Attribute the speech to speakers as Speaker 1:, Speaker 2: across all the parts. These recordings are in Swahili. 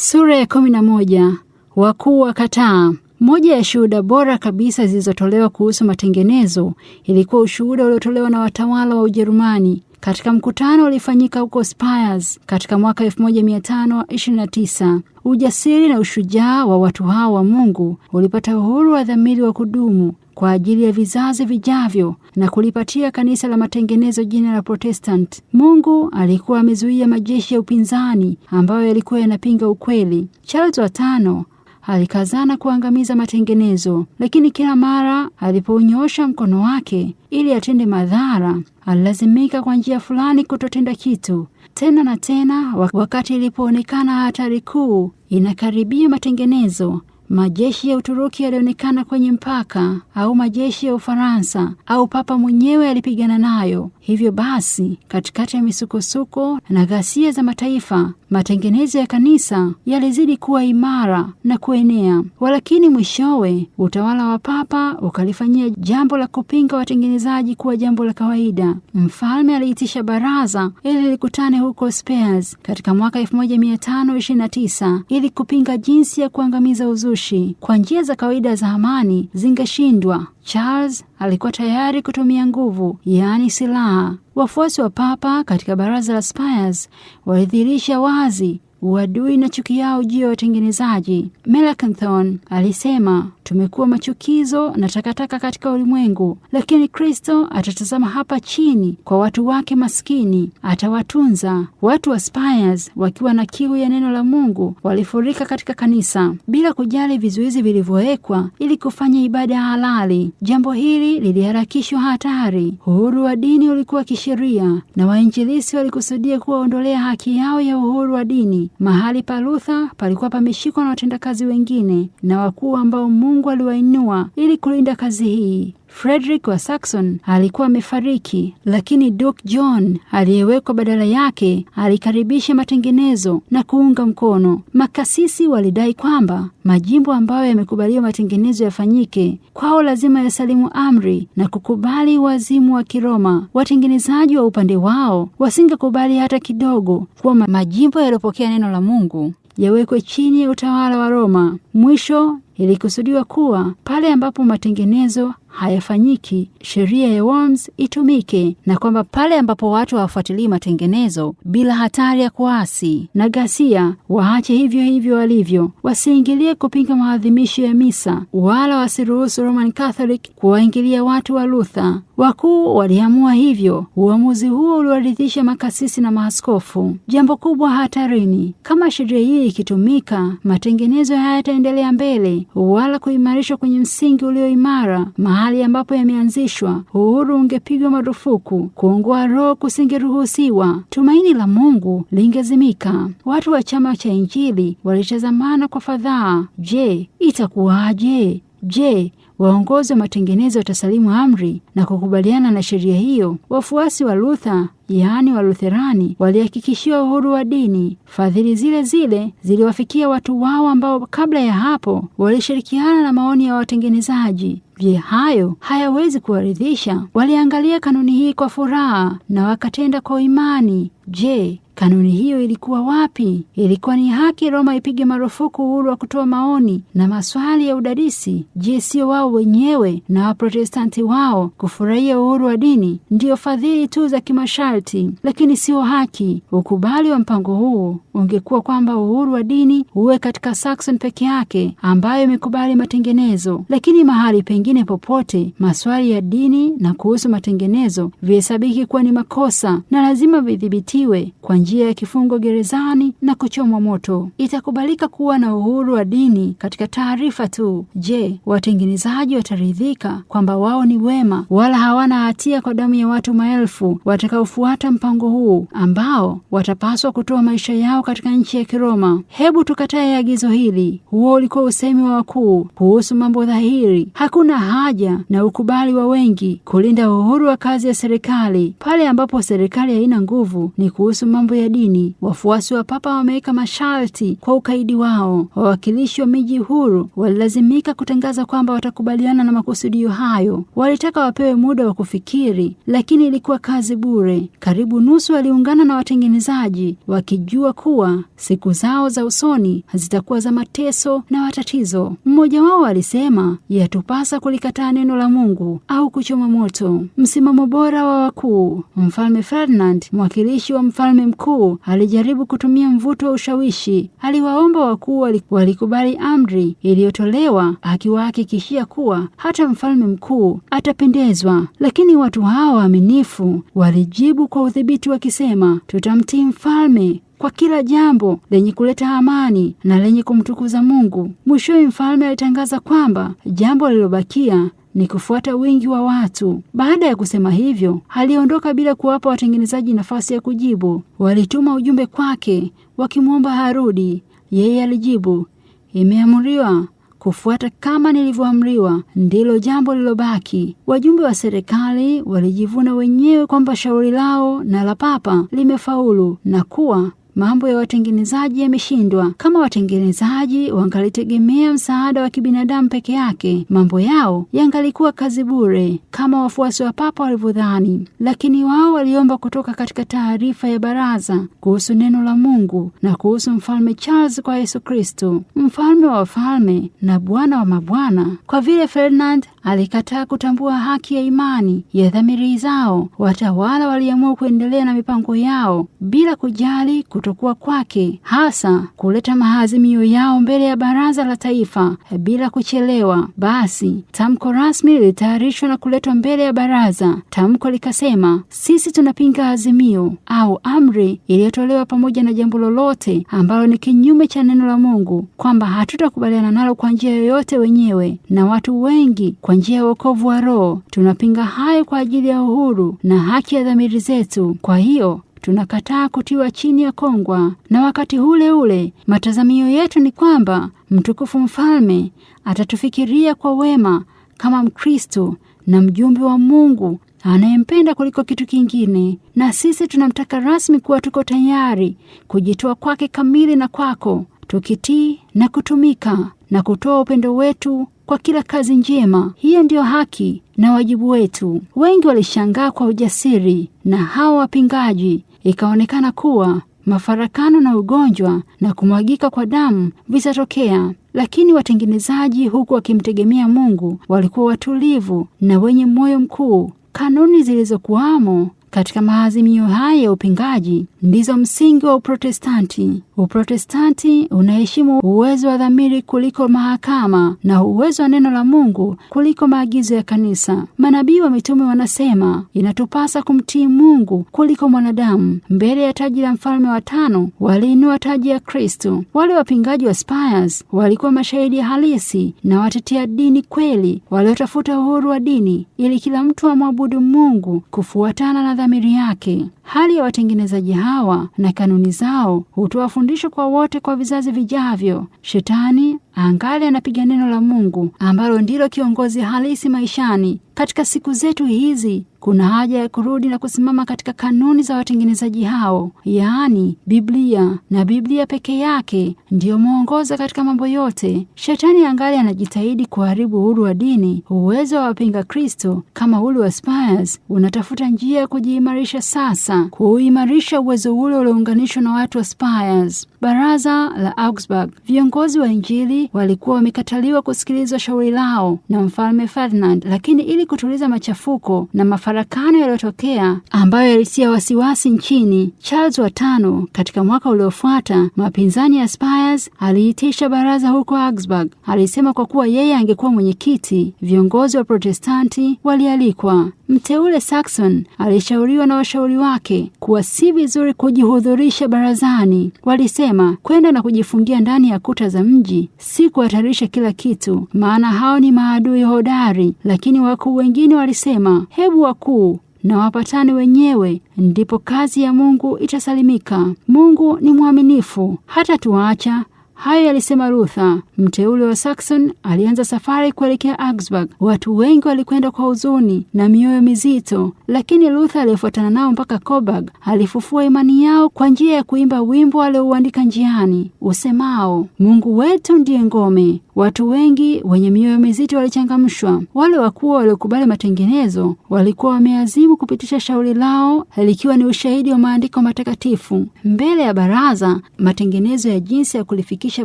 Speaker 1: Sura ya kumi na moja. Wakuu kataa Moja ya shuhuda bora kabisa zilizotolewa kuhusu matengenezo ilikuwa ushuhuda uliotolewa na watawala wa Ujerumani katika mkutano ulifanyika huko Spires katika mwaka 1529. Ujasiri na ushujaa wa watu hao wa Mungu ulipata uhuru wa dhamiri wa kudumu kwa ajili ya vizazi vijavyo na kulipatia kanisa la matengenezo jina la Protestant. Mungu alikuwa amezuia majeshi ya upinzani ambayo yalikuwa yanapinga ukweli. Charles wa tano alikazana kuangamiza matengenezo, lakini kila mara aliponyosha mkono wake ili atende madhara, alilazimika kwa njia fulani kutotenda kitu tena na tena. Wakati ilipoonekana hatari kuu inakaribia, matengenezo Majeshi ya Uturuki yalionekana kwenye mpaka au majeshi ya Ufaransa au papa mwenyewe alipigana nayo. Hivyo basi, katikati ya misukosuko na ghasia za mataifa, matengenezo ya kanisa yalizidi kuwa imara na kuenea. Walakini mwishowe utawala wa papa ukalifanyia jambo la kupinga watengenezaji kuwa jambo la kawaida. Mfalme aliitisha baraza ili likutane huko Spears katika mwaka 1529 ili kupinga jinsi ya kuangamiza uzushi uzushi kwa njia za kawaida za amani zingeshindwa. Charles alikuwa tayari kutumia nguvu, yaani silaha. Wafuasi wa papa katika baraza la Spires walidhihirisha wazi uadui na chuki yao juu ya watengenezaji. Melanchthon alisema, tumekuwa machukizo na takataka katika ulimwengu, lakini Kristo atatazama hapa chini kwa watu wake maskini, atawatunza. Watu wa Spires wakiwa na kiu ya neno la Mungu walifurika katika kanisa bila kujali vizuizi vilivyowekwa ili kufanya ibada ya halali. Jambo hili liliharakishwa hatari. Uhuru wa dini ulikuwa kisheria, na wainjilisi walikusudia kuwaondolea haki yao ya uhuru wa dini Mahali pa Luther palikuwa pameshikwa na watendakazi wengine na wakuu ambao Mungu aliwainua ili kulinda kazi hii. Frederick wa Saxon alikuwa amefariki, lakini Duke John aliyewekwa badala yake alikaribisha matengenezo na kuunga mkono. Makasisi walidai kwamba majimbo ambayo yamekubaliwa matengenezo yafanyike kwao lazima yasalimu amri na kukubali wazimu wa Kiroma. Watengenezaji wa upande wao wasingekubali hata kidogo kuwa majimbo yaliyopokea neno la Mungu yawekwe chini ya utawala wa Roma. Mwisho ilikusudiwa kuwa pale ambapo matengenezo hayafanyiki, sheria ya Worms itumike, na kwamba pale ambapo watu hawafuatilii matengenezo bila hatari ya kuasi na ghasia, waache hivyo hivyo walivyo, wasiingilie kupinga maadhimisho ya misa, wala wasiruhusu Roman Catholic kuwaingilia watu wa Luther. Wakuu waliamua hivyo. Uamuzi huo uliwaridhisha makasisi na maaskofu. Jambo kubwa hatarini, kama sheria hii ikitumika, matengenezo hayataendelea mbele wala kuimarishwa kwenye msingi ulio imara mahali ambapo yameanzishwa, uhuru ungepigwa marufuku, kuongoa roho kusingeruhusiwa, tumaini la Mungu lingezimika. Watu wa chama cha Injili walitazamana kwa fadhaa. Je, itakuwaje? Je, Waongozi wa matengenezo watasalimu amri na kukubaliana na sheria hiyo. Wafuasi wa Luther yaani Walutherani walihakikishiwa uhuru wa dini. Fadhili zile zile ziliwafikia watu wao ambao kabla ya hapo walishirikiana na maoni ya watengenezaji. Je, hayo hayawezi kuwaridhisha? Waliangalia kanuni hii kwa furaha na wakatenda kwa imani. Je, Kanuni hiyo ilikuwa wapi? Ilikuwa ni haki Roma ipige marufuku uhuru wa kutoa maoni na maswali ya udadisi. Je, sio wao wenyewe na Waprotestanti wao kufurahia uhuru wa dini? Ndiyo fadhili tu za kimasharti, lakini sio haki. Ukubali wa mpango huu ungekuwa kwamba uhuru wa dini uwe katika Saxon peke yake ambayo imekubali matengenezo, lakini mahali pengine popote maswali ya dini na kuhusu matengenezo vihesabiki kuwa ni makosa na lazima vidhibitiwe kwa njia ya kifungo gerezani na kuchomwa moto. Itakubalika kuwa na uhuru wa dini katika taarifa tu. Je, watengenezaji wataridhika kwamba wao ni wema wala hawana hatia kwa damu ya watu maelfu watakaofuata mpango huu ambao watapaswa kutoa maisha yao katika nchi ya Kiroma? Hebu tukatae agizo hili. Huo ulikuwa usemi wa wakuu kuhusu mambo dhahiri. Hakuna haja na ukubali wa wengi kulinda uhuru wa kazi ya serikali. Pale ambapo serikali haina nguvu, ni kuhusu mambo ya dini. Wafuasi wa papa wameweka masharti kwa ukaidi wao. Wawakilishi wa miji huru walilazimika kutangaza kwamba watakubaliana na makusudio hayo. Walitaka wapewe muda wa kufikiri, lakini ilikuwa kazi bure. Karibu nusu waliungana na watengenezaji, wakijua kuwa siku zao za usoni zitakuwa za mateso na matatizo. Mmoja wao alisema, yatupasa kulikataa neno la Mungu au kuchoma moto. Msimamo bora wa wakuu. Mfalme Ferdinand, mwakilishi wa mfalme mkuu mkuu alijaribu kutumia mvuto wa ushawishi. Aliwaomba wakuu walikubali amri iliyotolewa, akiwahakikishia kuwa hata mfalme mkuu atapendezwa, lakini watu hawa waaminifu walijibu kwa udhibiti wakisema, tutamtii mfalme kwa kila jambo lenye kuleta amani na lenye kumtukuza Mungu. Mwishowe mfalme alitangaza kwamba jambo lililobakia ni kufuata wingi wa watu. Baada ya kusema hivyo, aliondoka bila kuwapa watengenezaji nafasi ya kujibu. Walituma ujumbe kwake wakimwomba harudi Yeye alijibu, imeamriwa kufuata kama nilivyoamriwa ndilo jambo lilobaki. Wajumbe wa serikali walijivuna wenyewe kwamba shauri lao na la papa limefaulu na kuwa mambo ya watengenezaji yameshindwa. Kama watengenezaji wangalitegemea msaada wa kibinadamu peke yake, mambo yao yangalikuwa kazi bure, kama wafuasi wa papa walivyodhani. Lakini wao waliomba kutoka katika taarifa ya baraza kuhusu neno la Mungu na kuhusu mfalme Charles kwa Yesu Kristo, mfalme wa wafalme na bwana wa mabwana. Kwa vile Ferdinand alikataa kutambua haki ya imani ya dhamiri zao, watawala waliamua kuendelea na mipango yao bila kujali kuto kutokuwa kwake, hasa kuleta maazimio yao mbele ya baraza la taifa bila kuchelewa. Basi tamko rasmi lilitayarishwa na kuletwa mbele ya baraza. Tamko likasema, sisi tunapinga azimio au amri iliyotolewa pamoja na jambo lolote ambalo ni kinyume cha neno la Mungu, kwamba hatutakubaliana nalo kwa njia yoyote wenyewe na watu wengi kwa njia ya wokovu wa roho. Tunapinga hayo kwa ajili ya uhuru na haki ya dhamiri zetu. Kwa hiyo tunakataa kutiwa chini ya kongwa, na wakati ule ule matazamio yetu ni kwamba mtukufu mfalme atatufikiria kwa wema kama Mkristo na mjumbe wa Mungu anayempenda kuliko kitu kingine, na sisi tunamtaka rasmi kuwa tuko tayari kujitoa kwake kamili na kwako, tukitii na kutumika na kutoa upendo wetu kwa kila kazi njema. Hiyo ndiyo haki na wajibu wetu. Wengi walishangaa kwa ujasiri na hawa wapingaji, ikaonekana kuwa mafarakano na ugonjwa na kumwagika kwa damu vitatokea, lakini watengenezaji, huku wakimtegemea Mungu, walikuwa watulivu na wenye moyo mkuu. Kanuni zilizokuwamo katika maazimio haya ya upingaji ndizo msingi wa Uprotestanti. Uprotestanti unaheshimu uwezo wa dhamiri kuliko mahakama na uwezo wa neno la Mungu kuliko maagizo ya kanisa. Manabii wa mitume wanasema inatupasa kumtii Mungu kuliko mwanadamu. Mbele ya taji la mfalme wa tano waliinua taji ya Kristo. Wale wapingaji wa Spires walikuwa mashahidi halisi na watetea dini kweli waliotafuta uhuru wa dini ili kila mtu amwabudu Mungu kufuatana na dhamiri yake. Hali ya watengenezaji hawa na kanuni zao hutoa fundisho kwa wote, kwa vizazi vijavyo. Shetani angali anapiga neno la Mungu ambalo ndilo kiongozi halisi maishani katika siku zetu hizi. Kuna haja ya kurudi na kusimama katika kanuni za watengenezaji hao, yaani Biblia, na Biblia peke yake ndiyo mwongoza katika mambo yote. Shetani angali anajitahidi kuharibu uhuru wa dini, uwezo wa wapinga Kristo kama ule wa Spurs unatafuta njia ya kujiimarisha sasa, kuuimarisha uwezo ule uliounganishwa na watu wa Spurs. Baraza la Augsburg, viongozi wa Injili walikuwa wamekataliwa kusikilizwa shauri lao na mfalme Ferdinand, lakini ili kutuliza machafuko na mafarakano yaliyotokea ambayo yalitia wasiwasi nchini, Charles wa tano katika mwaka uliofuata, mapinzani ya Spires aliitisha baraza huko Augsburg. Alisema kwa kuwa yeye angekuwa mwenyekiti, viongozi wa Protestanti walialikwa Mteule Saxon alishauriwa na washauri wake kuwa si vizuri kujihudhurisha barazani. Walisema kwenda na kujifungia ndani ya kuta za mji si kuhatarisha kila kitu, maana hao ni maadui hodari. Lakini wakuu wengine walisema, hebu wakuu na wapatane wenyewe, ndipo kazi ya Mungu itasalimika. Mungu ni mwaminifu, hata tuacha Hayo alisema Luther, mteule wa Saxon. Alianza safari kuelekea Augsburg. Watu wengi walikwenda kwa huzuni na mioyo mizito, lakini Luther aliyefuatana nao mpaka Coburg alifufua imani yao kwa njia ya kuimba wimbo aliouandika njiani usemao, Mungu wetu ndiye ngome Watu wengi wenye mioyo mizito walichangamshwa. Wale wakuwa waliokubali matengenezo walikuwa wameazimu kupitisha shauri lao likiwa ni ushahidi wa maandiko matakatifu mbele ya baraza. Matengenezo ya jinsi ya kulifikisha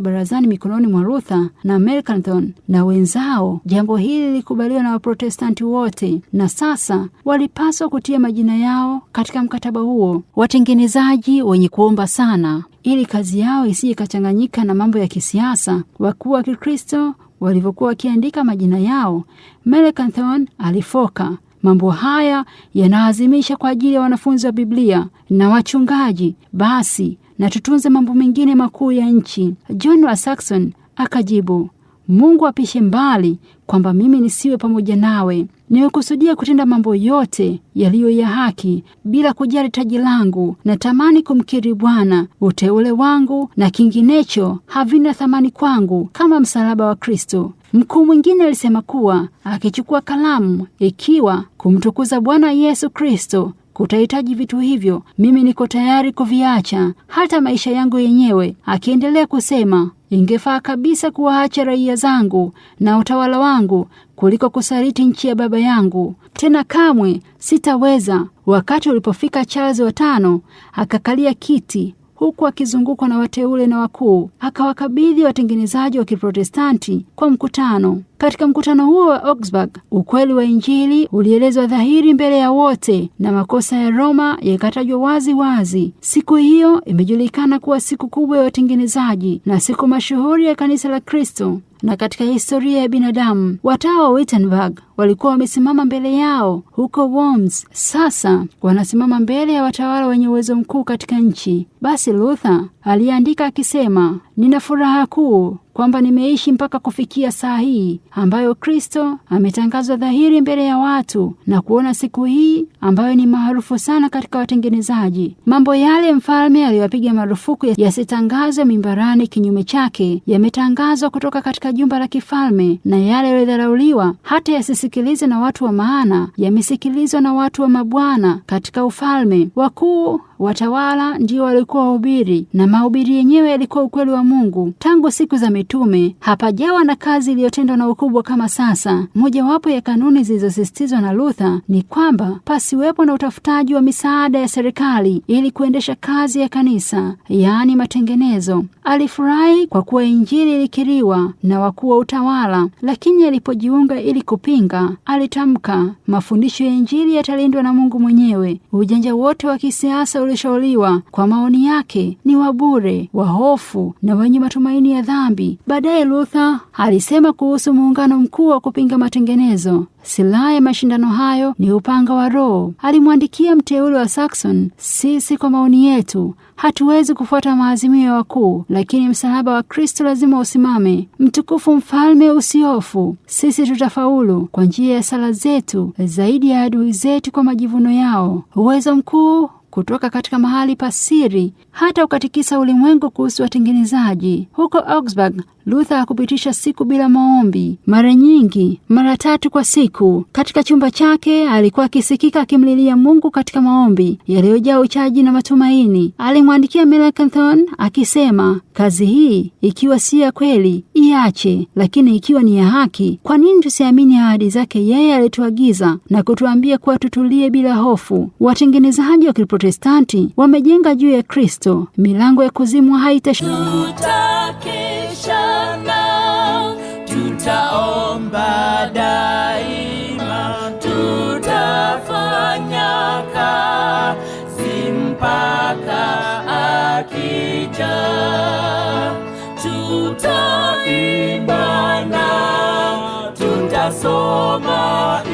Speaker 1: barazani mikononi mwa Luther na Melanchthon na wenzao. Jambo hili lilikubaliwa na Waprotestanti wote, na sasa walipaswa kutia majina yao katika mkataba huo. Watengenezaji wenye kuomba sana ili kazi yao isije ikachanganyika na mambo ya kisiasa. Wakuu wa Kikristo walivyokuwa wakiandika majina yao, Melekanthon alifoka. Mambo haya yanaazimisha kwa ajili ya wanafunzi wa Biblia na wachungaji, basi na tutunze mambo mengine makuu ya nchi. John wa Saxon akajibu, Mungu apishe mbali kwamba mimi nisiwe pamoja nawe. Nimekusudia kutenda mambo yote yaliyo ya haki bila kujali taji langu. na tamani kumkiri Bwana. Uteule wangu na kinginecho havina thamani kwangu kama msalaba wa Kristo. Mkuu mwingine alisema kuwa akichukua kalamu, ikiwa kumtukuza Bwana Yesu Kristo kutahitaji vitu hivyo, mimi niko tayari kuviacha hata maisha yangu yenyewe. Akiendelea kusema ingefaa kabisa kuwaacha raia zangu na utawala wangu kuliko kusaliti nchi ya baba yangu. Tena kamwe sitaweza. Wakati ulipofika Charles wa tano akakalia kiti huku akizungukwa na wateule na wakuu, akawakabidhi watengenezaji wa Kiprotestanti kwa mkutano. Katika mkutano huo wa Augsburg, ukweli wa Injili ulielezwa dhahiri mbele ya wote na makosa ya Roma yakatajwa wazi wazi. Siku hiyo imejulikana kuwa siku kubwa ya watengenezaji na siku mashuhuri ya kanisa la Kristo na katika historia ya binadamu. Watawa wa Wittenberg walikuwa wamesimama mbele yao huko Worms, sasa wanasimama mbele ya watawala wenye uwezo mkuu katika nchi. Basi Luther aliandika akisema, nina furaha kuu kwamba nimeishi mpaka kufikia saa hii ambayo Kristo ametangazwa dhahiri mbele ya watu na kuona siku hii ambayo ni maarufu sana katika watengenezaji. Mambo yale mfalme aliyopiga marufuku yasitangazwe mimbarani, kinyume chake yametangazwa kutoka katika jumba la kifalme, na yale yaliyodharauliwa hata yasisikilizwe na watu wa maana, yamesikilizwa na watu wa mabwana katika ufalme. Wakuu watawala ndio walikuwa wahubiri, na mahubiri yenyewe yalikuwa ukweli wa Mungu. Tangu siku za mitume hapajawa na kazi iliyotendwa na ukubwa kama sasa. Mojawapo ya kanuni zilizosisitizwa na Luther ni kwamba pasiwepo na utafutaji wa misaada ya serikali ili kuendesha kazi ya kanisa, yaani matengenezo. Alifurahi kwa kuwa Injili ilikiriwa na wakuu wa utawala, lakini alipojiunga ili kupinga, alitamka mafundisho ya Injili yatalindwa na Mungu mwenyewe. Ujanja wote wa kisiasa walishauriwa kwa maoni yake ni wabure, wahofu na wenye matumaini ya dhambi. Baadaye Luther alisema kuhusu muungano mkuu wa kupinga matengenezo, silaha ya mashindano hayo ni upanga wa Roho. Alimwandikia mteule wa Saxon, sisi kwa maoni yetu hatuwezi kufuata maazimio ya wakuu, lakini msalaba wa Kristo lazima usimame. Mtukufu mfalme, usiofu, sisi tutafaulu kwa njia ya sala zetu zaidi ya adui zetu kwa majivuno yao. Uwezo mkuu kutoka katika mahali pa siri hata ukatikisa ulimwengu kuhusu watengenezaji. Huko Augsburg Luther hakupitisha siku bila maombi, mara nyingi, mara tatu kwa siku. Katika chumba chake alikuwa akisikika akimlilia Mungu katika maombi yaliyojaa uchaji na matumaini. Alimwandikia Melanchthon akisema, kazi hii ikiwa si ya kweli iache, lakini ikiwa ni ya haki, kwa nini tusiamini ahadi zake? Yeye alituagiza na kutuambia kuwa tutulie bila hofu. Watengenezaji wa Kiprotestanti wamejenga juu ya Kristo, milango ya kuzimu
Speaker 2: haitashutake.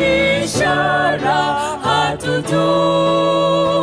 Speaker 2: ni ishara hatutu